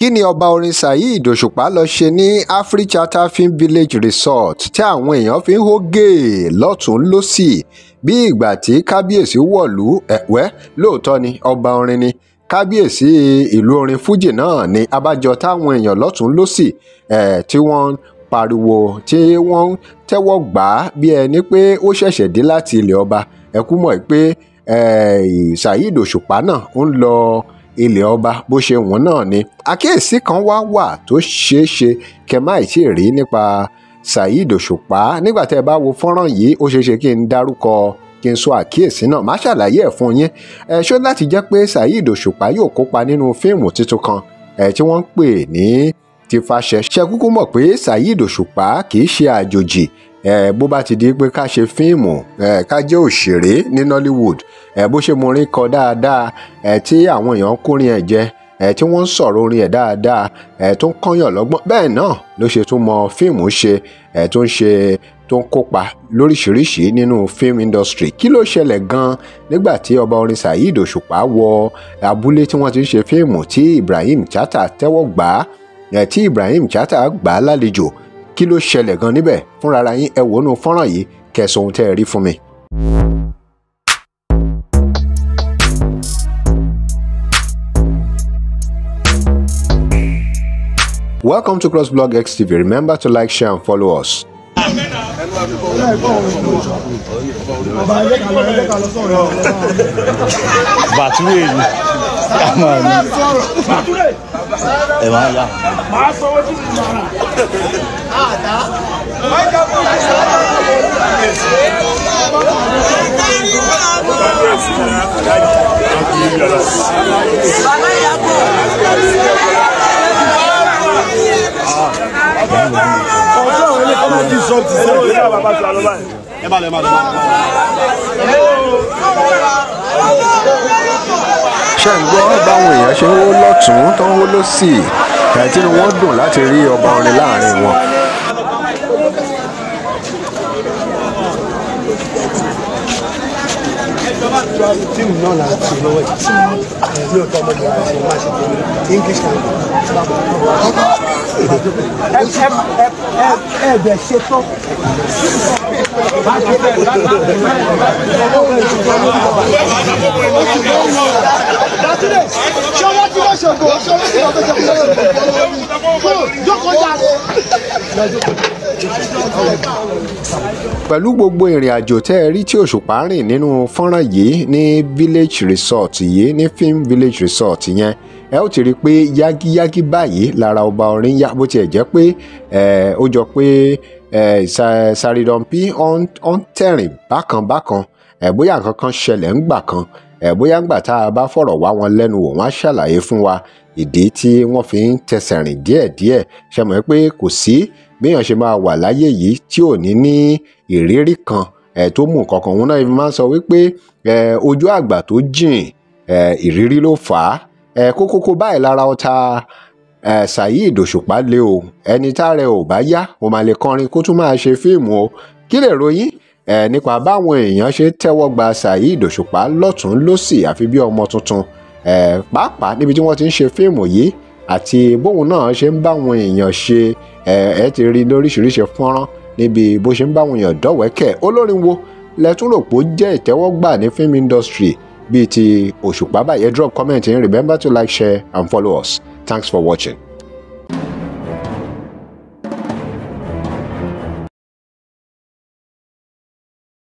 kí ni ọba orin Saheed Òṣùpá lọ ṣe ní Afrexata Film Village Resort tí àwọn èèyàn fi ń hó gèè lọ́tún lọ́sì bí ìgbà tí kábíyèsí wọ̀lú ẹ̀wẹ́ lóòótọ́ ni ọba orin ni kábíyèsí ìlú orin fújì náà ni abájọ táwọn èèyàn lọ́tún lọ́sì ẹ̀ tí wọ́n pariwo tí wọ́n tẹ́wọ́ gbà á bí ẹni pé ó ṣẹ̀ṣẹ̀ dé láti ilẹ̀ ọba ẹ̀kú mọ̀ pé Saheed Òṣùpá náà ń lọ ilẹ̀ ọba bó ṣe wọ́n náà ni àkíyèsí kan wá wà tó ṣeé ṣe kẹ́ má ì tí ì rí nípa Saheed Òṣùpá nígbà tẹ́ ẹ bá wo fọ́nrán yìí ó ṣeé ṣe kí n dárúkọ kí n sọ àkíyèsí náà má ṣàlàyé ẹ̀ fún yín ẹ ṣó láti jẹ́ pé Saheed Òṣùpá yóò kópa nínú fíìmù tuntun kan ẹ tí wọ́n ń pè ní Tìfàṣẹ ṣe kúkú mọ̀ pé Saheed Òṣùpá kì í ṣe àjòjì Eh, bó bá ti di pé ká ṣe fíìmù eh, ká jẹ́ òṣèré ní Nollywood eh, bó ṣe morin kọ dáadáa tí àwọn èèyàn kórin ẹ̀ jẹ tí wọ́n ń sọ̀rọ̀ orin ẹ̀ dáadáa tó ń kọ́yàn lọ́gbọ́n bẹ́ẹ̀ náà ló ṣe tún mọ fíìmù ṣe tó ń ṣe tó ń kópa lóríṣìíríṣìí nínú film industry kí ló ṣẹlẹ̀ gan-an nígbà tí ọba orin Saheed Òṣùpá wọ abúlé tí wọ́n ti ń ṣe fíìmù tí Ibrahim Chata tẹ́wọ́ gbà eh tí Ibrahim Chata gbà á lálejò kí ló ṣẹlẹ̀ gan níbẹ̀ fúnra yín ẹ wò fọ́nrán yìí kẹsàn ohun tẹ́ ẹ rí fún mi. Welcome to CrossBlog XTV. Remember to like, share, and follow us bàtúrè ni yàmà ni ẹ máa yà. màá sọ wọ́n tí mo máa rà. àdá. máìkà fún mi sọ wọ́n tí mo máa rà. ẹ kárí bá a lọ. ọmọ ti sọ ti sọ ìyá bàbá ti àlọ́ báyìí. ẹ má lọ ẹ má lọ. ṣe ń gbọ́ báwọn èèyàn ṣe ń wó lọ́tún tó ń wó lọ́sì ẹ̀tí ni wọ́n dùn láti rí ọba orin láàrin wọn. tíìmù ẹ̀bẹ̀ ṣe pẹ̀lú gbogbo ìrìn àjò tẹ́ ẹ rí tí òṣùpá rìn nínú fọ́nrán yìí ní village resort yìí ní film village resort yẹn ẹ ó ti rí i pé yágíyágí báyìí lára ọba orin yá bó tiẹ̀ jẹ́ pé ó jọ pé Sàrìdọ̀mpí ó ń tẹ̀rìn bákanbákan bóyá nǹkan kan ṣẹlẹ̀ ńgbà kan bóyá ńgbà tá a bá fọ̀rọ̀ wá wọn lẹ́nu wò wọ́n á ṣàlàyé fún wa ìdí tí wọ́n fi ń tẹsẹ̀ rìn díẹ̀díẹ̀ ṣe mọ̀ pé kò sí béèyàn ṣe máa wà láyé yìí tí ò ní ní ìrírí kan ẹ tó mú nǹkan kan òun náà máa ń sọ wípé ẹ ojú àgbà tó jìn ẹ ìrírí ló fà á ẹ kókókó báyìí lára ọ̀tá ẹ Saheed Òṣùpá lé o ẹni tá rẹ ò bá yá o máa lè kọrin kó tún máa ṣe fíìmù o kí lè ròyìn ẹ nípa báwọn èèyàn ṣe tẹ́wọ́ gba Saheed Òṣùpá lọ́tún lọ́sì àfi bí ọmọ tuntun ẹ pàápàá níbi tí wọ́n ti ń ṣe fíìmù yìí àti bóun náà ṣe ń bá àwọn èèyàn ṣe ẹ ẹ ti rí lóríṣiríṣi fọ́nrán níbi bó ṣe ń bá àwọn èèyàn dọ̀wẹ́kẹ̀ olórin wo lẹ́tún rò pé ó jẹ́ ìtẹ́wọ́gbà ní film industry bíi ti òṣùpá báyẹn drop comment in remember to like share and follow us thanks for watching.